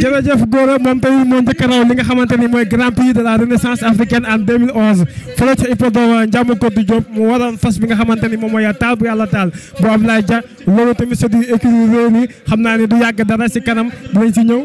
jërëjëf Gora moom tamit moo njëkk a raw li nga xamante ni mooy grand prix de la renaissance africaine en 2011 fële ca hippodrome Ndiamou Codou Diop mu waroon fas bi nga xamante ni moom mooy taal bu yàlla taal bu Ablaye Dia loolu tamit c'est du écurie réew mi xam naa ne du yàgg dara si kanam dinañ si ñëw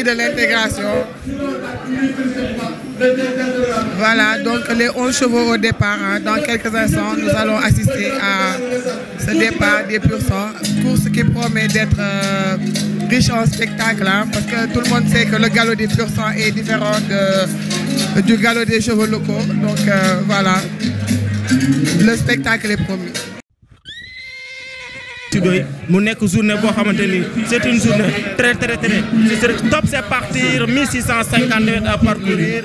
de l'intégration. Voilà, donc les 11 chevaux au départ. Hein. Dans quelques instants, nous allons assister à ce départ des pour ce qui promet d'être euh, riche en spectacle. Hein, parce que tout le monde sait que le galop des pur est différent du galop des chevaux locaux. Donc euh, voilà, le spectacle est promis. Tidoy mu nekk journée boo xamante ni c'est une journée très très très c'est top c'est partir 1658 à parcourir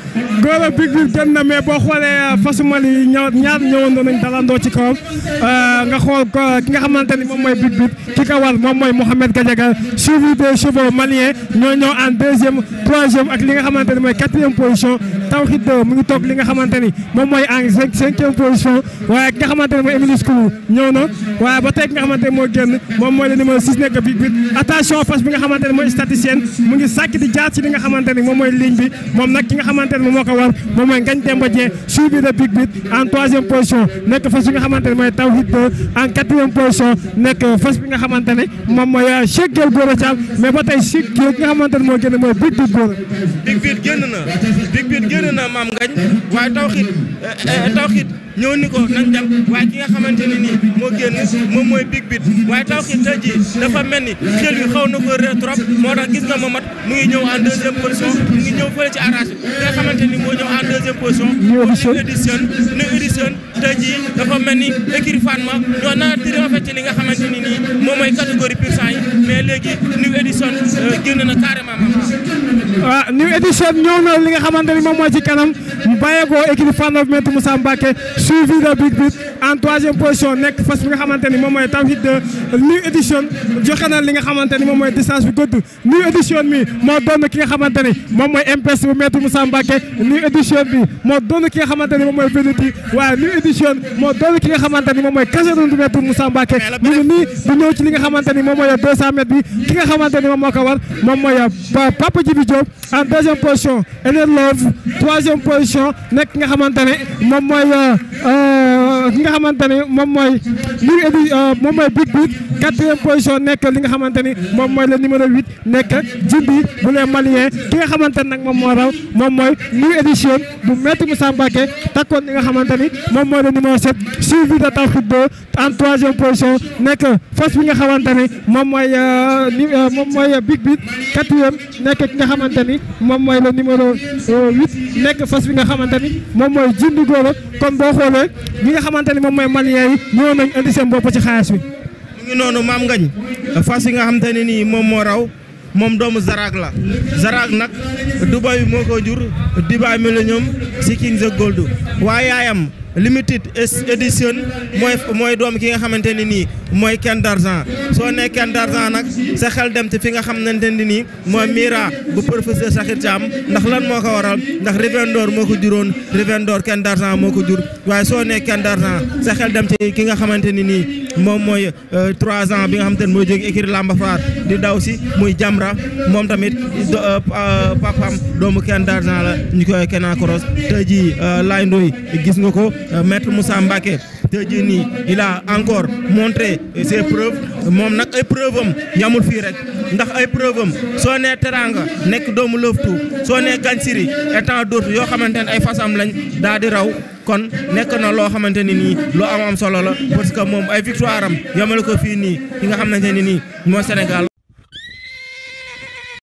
Gora Big Bill dem na mais boo xoolee euh, fasu mal yi ñaar ñaar ñëwandoo nañ dalandoo ci kawam euh, nga xool ki nga xamante ni moom mooy Big Bill ki ko war moom mooy Mohamed Gadiaga suivi des chevaux maliens ñoo ñëw en deuxième troisième ak li nga xamante ni mooy quatrième position Tawhid Lo mu ngi toog li nga xamante ni moom mooy en cinquième position waaye ki nga xamante ne mooy Émilie Koulou ñëw na waaye ba tey ki nga xamante ne moo génn moom mooy le numéro 6 nekk bi attention parce que bi nga xamante ne mooy statisticienne mu ngi sàkk di jaar ci li nga xamante ni moom mooy ligne bi moom nag ki nga xamante ne moom moo ko war moom mooy Ngagne Demba Dieng suivi de Big Bit en troisième position nekk fas bi nga xamante ne mooy Tawhid Lo en quatrième position nekk fas bi nga xamante ne moom mooy euh, Cheikh Gueye Gora Thiam mais ba tey Cheikh ki nga xamante ne moo génn mooy Big Bit Gora Big Bit génn na Big Bit bëri na maam ngañ waaye tawxiit eh, eh, tawxiit ñëw ni ko nañ dem waaye ki nga xamante ne nii moo génn moom mooy big bit waaye tawxiit tey jii dafa mel ni xel wi xaw na ko réer trop moo tax gis nga ma mu ngi ñëw en deuxième position fële ci arrangé ki nga xamante ni moo ñëw en deuxième position ñu édition ñu édition tey jii dafa mel ni écrit fan ma ñoo naa triomphé ci li nga xamante ni nii moom mooy catégorie pur yi mais léegi ñu édition euh, génn na carrément maam waaw ah, new édition ñëw na li nga xamante ni moom mooy ci kanam mu bàyyeekoo équipe Fane of Maître Moussa Mbacké suivi de Big Bit en troisième position nekk fas bi nga xamante ni moom mooy Tawhid de new édition joxe na li nga xamante ni moom mooy distance bu gudd new édition mi moo doon ki nga xamante ni moom mooy MPS bu Maître Moussa Mbacké new édition bi moo doon ki nga xamante ni moom mooy Vénuti waaye new édition moo doon ki nga xamante ni moom mooy Cameroun bu Maître Moussa Mbacké mu ngi nii di ñëw ci li nga xamante ni moom mooy 200 mètres bi ki nga xamante ni moom moo ko war moom mooy euh, Papa Djibi Diop en deuxième position Ener Love troisième position Nek nga Mon moyen, moy ki nga xamante ni moom mooy li édi euh, moom mooy big big quatrième position nekk li nga xamante ni moom mooy le numéro huit nekk bu les malien ki nga xamante ni nag moom moo raw moom mooy new édition bu maître Moussa Mbacké takkoon li nga xamante ni moom mooy le numéro sept suivi de Tawfik Bo en troisième position nekk fas bi nga xamante ni moom mooy euh, euh, moom mooy big big quatrième nekk ki nga xamante ni moom mooy le numéro huit nekk fas bi nga xamante ni moom mooy jimbi góoro kon bo xolé ñi nga xamanteni mom moy malien yi ñoo nañ andi seen bop ci xaas wi mu ngi nonu mam ngañ faas yi nga xamanteni ni mom mo raw mom doomu zarak la zarak nak dubai moko jur dibay mi la ñom sikin ze goldu wa yaayam limited edition mooy mooy doom ki nga xamante ne nii mooy Ken d'Argent soo nee Ken d'Argent nag sa xel dem te fi nga xamante ne nii mooy Mira bu professeur Sakhir Thiam ndax lan moo ko waral ndax Rivendor moo ko juróon Rivendor Ken d'Argent moo ko jur waaye soo nee Ken d'Argent sa xel dem ci ki nga xamante ni nii moom mooy euh, trois ans bi nga xamante ne mooy jóge écurie Lamba Faar di daw si muy Jamra moom tamit euh, euh, papam doomu Ken d'Argent la ñu koy Kenakoros tey jii laay ndoy gis nga ko Euh, maître Moussa Mbaké, il a encore montré ses preuves ses preuves. ay a ñamul ses rek ndax ay preuve so né Teranga ses doomu Gansiri ay fasam lañ raw kon nek na preuves. Il ni am am solo la parce que mom ay victoire am ko fi ni. nga Il ni Sénégal.